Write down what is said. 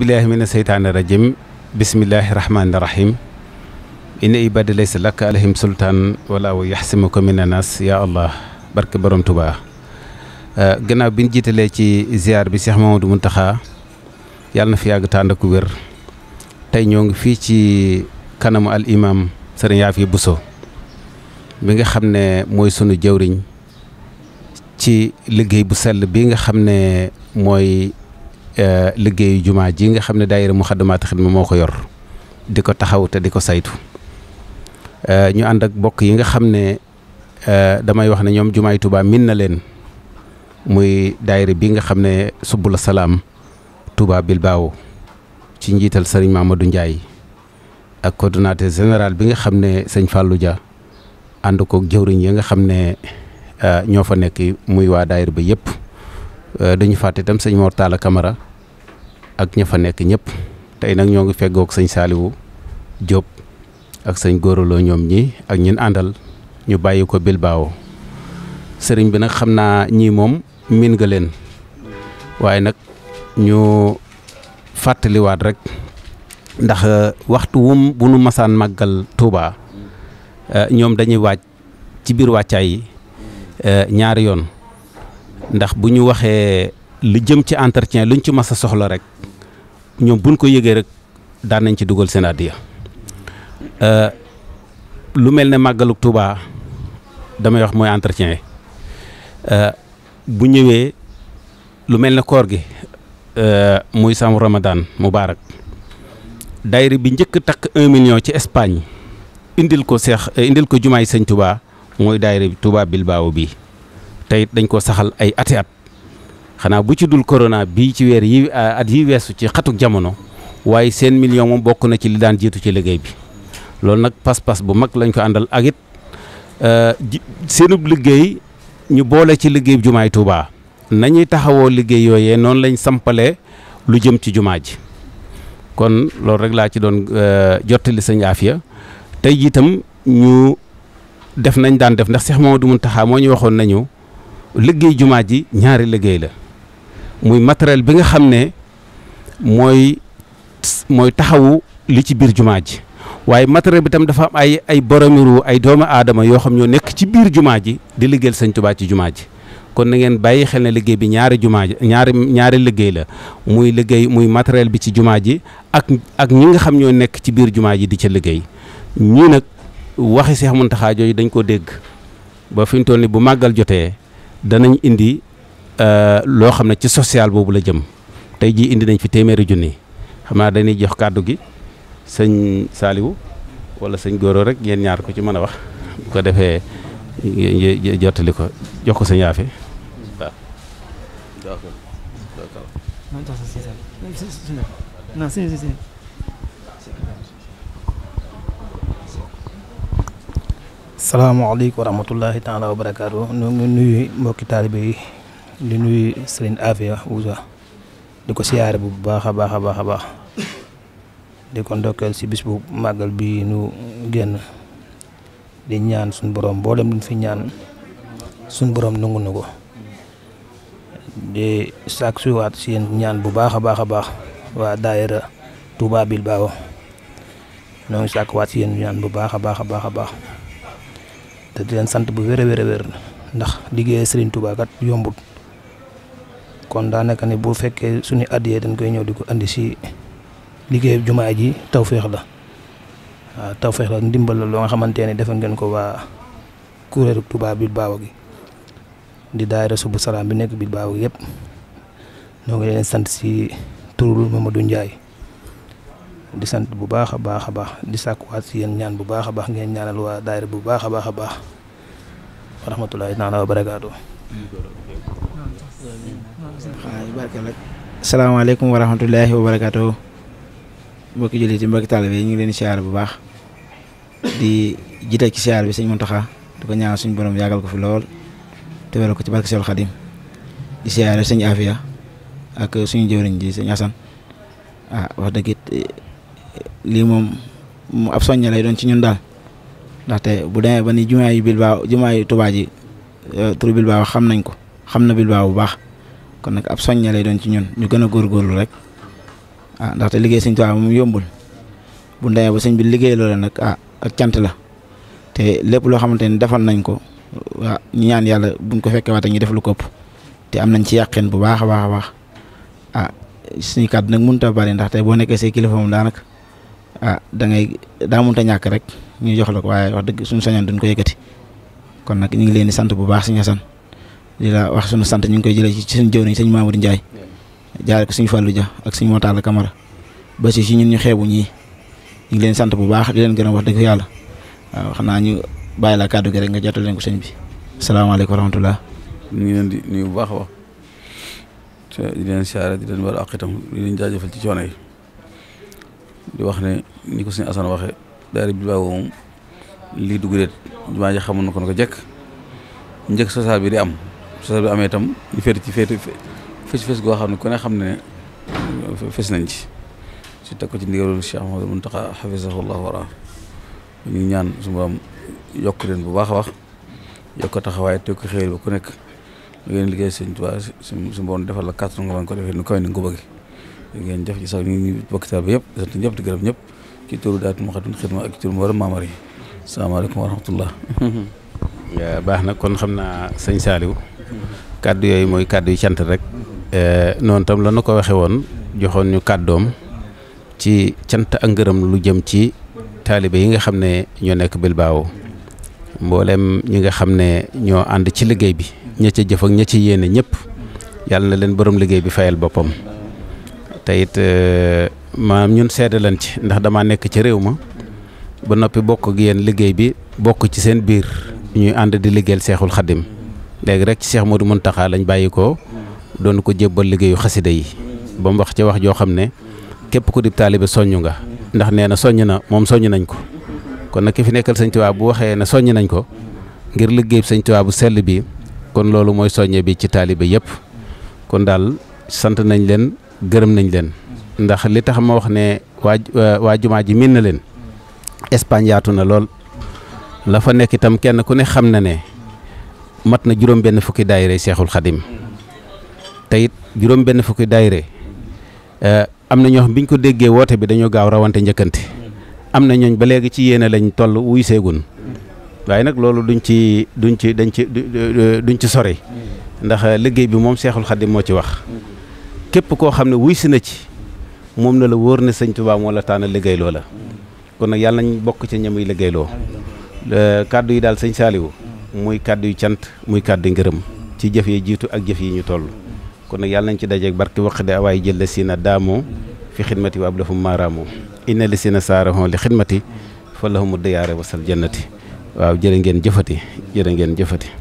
billahi min seytaani rajim bismillahi rahmaani rahim inna ibadi laysa lak alayhim sultaan wala wa yaxsimuka min anas ya allah barke borom tubaa uh, gannaaw bi ñu jiitalee ci ziar bi Cheikh Mamadou Muntaxa yàlla na fi yàgg tànd ak wér tey ñoo ngi fii ci kanamu al imam sëriñ Yaafi Buso bi nga xam ne mooy sunu jëwriñ ci liggéey bu sell bi nga xam ne mooy Eh, liggéeyu jumaa ji nga xam ne daayira Muxaddamatul Xidma moo ko yor di ko taxaw te di ko saytu eh, ñu ànd ak bokk yi nga xam ne eh, damay wax ne ñoom jumaay Tuubaa miin na leen muy daayira bi nga xam ne subula salaam Touba Bilbao ci njiital sëriñ Mamadou Ndiaye ak coordonnateur général bi nga xam ne sëñ Fallou Dia ànd koog jëwriñ yi nga xam ne ñoo fa nekk muy waa daayira ba yëpp Euh, dañu fàtte itam sëñ Mor Talla Camara ak ña fa nekk ñëpp tey nag ñoo ngi feggoog sëñ saaliwu Diop ak sëñ góoraloo ñoom ñi ak ñin àndal ñu bàyyi ko Bilbao sëriñ bi nag xam naa ñii moom miin nga leen waaye nag ñu fàttaliwaat rek ndax euh, waxtu wum bu nu masaan màggal Touba euh, ñoom dañuy waaj ci biir wàccaay yi ñaari yoon ndax bu ñu waxee lu jëm ci entretien luñ ci mas soxla rek ñoom buñ ko yëgee rek daan nañ ci dugal seen àddiya euh, lu mel ni màggalu Tuubaa damay wax mooy entretien yi euh, bu ñëwee lu mel ni koor gi euh, muy saamu Ramadan mubaarak daayira bi njëkk takk un million ci Espagne indil ko seex indil ko jumaay sëñ Touba mooy daayira Touba Bilbao bii tey dañ ko saxal ay ati at xanaa bu ci dul corona bii ci weer yi ah, at yi weesu ci xatuk jamono waaye seen million moom bokk na ci li daan jiitu ci liggéey bi loolu nag pas-pas bu mag lañ ko àndal ak it euh, seenub liggéey ñu boole ci liggéey jumaay Tuubaa nañuy taxawoo liggéey yooyee noonu lañ sampalee lu jëm ci jumaa ji kon loolu rek laa ci doon euh, jottali sëñ Afia tey jiitam ñu def nañ daan def ndax du mun Mountakha moo ñu waxoon nañu liggéey jumaa ji ñaari liggéey la muy matériel bi nga xam ne mooy mooy taxawu li ci biir jumaa ji waaye matériel bi tam dafa am ay ay boromiru ay doomu aadama yoo xam ñoo nekk ci biir jumaa ji di liggéeyal Sëñ ci jumaa ji kon na ngeen xel ne liggéey bi ñaari jumaa ji ñaari liggéey la muy liggéey muy matériel bi ci jumaa ji ak ak ñi nga xam ñoo nekk ci biir jumaa ji di ca liggéey ñii nag waxi Seex Muntaxaa jooju dañ ko dégg ba fi mu toll ni bu màggal jotee danañ indi euh, loo xam ne ci social boobu la jëm tey jii indi nañ fi téeméeri junni xam naa dañuy jox kàddu gi sëñ Saliou wala sëñ Goro rek yéen ñaar ko ci mën a wax bu ko defee jottali ko jox ko sëñ Yaafe salaamaaleykum wa rahmatullahi taala wa barakaatu nu ngi nuyu mbokki taalibe yi di nuyu Serigne Afia Ouza di ko si siyaare bu baax a baax a baax a baax di ko ndokkeel si bis bu màggal bi nu génn di ñaan suñu borom mboolem luñ fi ñaan suñu borom nangu na ko di saak suwaat si yéen ñaan bu baax a baax a baax waa daayira Touba Bilbao ñoo ngi saak waat si yéen ñaan bu baax a baax a baax a baax. te di leen sant bu wér a wér ndax liggéey Serigne tubaakat kat yombut kon daanaka ne bu fekkee suñu addiyee dañ koy ñëw di ko andi si liggéey jumaa ji tawféex la waaw tawféex la ndimbal la loo nga xamante ne defe ngeen ko waa kuréelu tubaab bi baaw gi di daayira subu salaam bi nekk bi baaw gi yëpp ñoo ngi leen sant si turul Mamadou njaay di sant bu baax a baax a baax di sàkkuwaat si yéen ñaan bu baax a baax ngeen ñaanal waa daayira bu baax a baax a baax wa rahmatulahi taala wa barakaatu salaamaaleykum wa rahmatulahi wa barakaatu mbokki jullit yi mbokki taalibe yi ñu ngi leen di siyaar bu baax di jiite ci siyaar bi sëñ Muntaxa di ko ñaan suñu borom yàggal ko fi lool te wéral ko ci barke Seexul Xadim di siyaare sëñ Afia ak suñu jëwriñ ji sëñ Asan ah, wax dëgg lii moom mu ab soññe lay doon ci ñun daal ndaxte bu demee ba ni jumaa yu Bilbao jumaa yu Tuubaa ji euh, turu Bilbao xam nañ ko xam na Bilbao bu baax kon nag ab soññe lay doon ci ñun ñu gën a góorgóorlu rek ah ndaxte liggéey sëñ Tuubaa moom yombul bu demee ba sëñ bi liggéey loola nag ah ak cant la te lépp loo xamante ni defal nañ ko ñu ñaan yàlla buñ ko fekkee waate ñu def lu kopp te am nañ ci yàqeen bu baax a baax a baax ah suñu kàddu nag mënut a bari ndaxte boo nekkee say kilifa moom daanaka ah da ngay daa mënta ñàkk rek ñu jox la ko waaye wax dëgg suñu sañoon duñ ko yëkkati kon nag ñu ngi leen di sant bu baax suñu san di la wax suñu sant ñu ngi koy jëlee ci suñu jëwriñ sëñ Mamadou Ndiaye jaare ko suñu Fallou Dia ak suñu Motalla Camara ba si si ñun ñu xeebu ñii ñu ngi leen sant bu baax di leen gën a wax dëgg yàlla ah, waaw xam naa ñu bàyyi la kàddu gi rek nga jotal leen ko seen bi salaamaaleykum wa rahmatulah. ñu ngi leen di nuyu bu baax a wax di leen siyaare di leen war a àq itam ñu leen jaajëfal ci coono yi di wax ne ni ko seen Assane waxee daara bi baaw moom lii dugg déet ji xamoon na ko na ko jekk njëkk sosaa bi di am sosaa bi amee itam ñu féete ci féete fes goo xam ne ko ne xam ne fes nañ ci si teg ko ci ndigalul Cheikh Mouhamadou Mountakha hafizahu llahu wara ñu ñaan su borom yokk leen bu baax a wax yokk taxawaay te ko xéer ba ku nekk ngeen liggéey sëñ Tuubaa su borom defal la kàttan nga mën ko defee nu kaw ni nga ko ngeen def ci sax ñu ngi bokk taal bi yëpp sant gërëm ñëpp ci turu daal mu xatun xidma ak ci turu Maamar yi salaamaaleykum wa rahmatullah baax na kon xam naa sëñ kàddu yooyu mooy kàddu yu cant rek eh, noonu tam la nu ko waxe woon joxoon ñu kàddoom ci cant ak ngërëm lu jëm ci taalibe yi nga xam ne ñoo nekk Bilbao mboolem ñi nga xam ne ñoo ànd ci liggéey bi ña ca jëf ña ci yéene ñëpp yàlla na leen borom liggéey bi fayal boppam te it euh, maanaam ñun seede leen ci ndax dama nekk ci réew ma ba noppi bokk ak yéen liggéey bi bokk ci seen biir ñuy ànd di liggéeyal seexul xadim léegi rek ci seex Modou Muntaxa lañ bàyyi ko doon ko jébbal liggéeyu xasida yi ba mu wax ci wax joo xam ne képp ku dib taalibe soññ nga ndax nee na soññ na moom soññ nañ ko kon nag ki fi nekkal sëñ Tuubaa bu waxee ne soññ nañ ko ngir liggéey sëñ Tuubaa bu sell bi kon loolu mooy soññe bi ci taalibe yëpp kon daal gërëm nañ leen ndax li tax ma wax ne waa euh, waa jumaa ji miin na leen Espagne yaatu na lool la fa nekk itam kenn ku ne xam na ne mat na juróom benn fukki daayire Seexul Xadim te it juróom benn fukki daayire euh, am na ñoo xam bi ko déggee woote bi dañoo gaaw rawante njëkkante am na ñooñ ba léegi ci yéene lañ toll wuy seegun waaye nag loolu duñ ci duñ ci dañ ci duñ ci sori ndax liggéey bi moom Seexul Xadim moo ci wax képp koo xam ne wuy si na ci moom la la wóor ne sëñ Tuubaa moo la tànn liggéey la kon nag yàlla ñu bokk ci ñamuy liggéey loo kàddu yi daal sëñ Saaliwu muy kàddu yu cant muy kàddu yu ngërëm ci jëf yi jiitu ak jëf yi ñu toll kon nag yàlla nañ ci dajeeg barki wax de awaay jël la siina daamoo fi xidmati wa ab lafum maaraamoo inna li siina saarahon li xidmati fa lahumu dayaare wasal ti waaw jërë ngeen jëfati jërë ngeen jëfati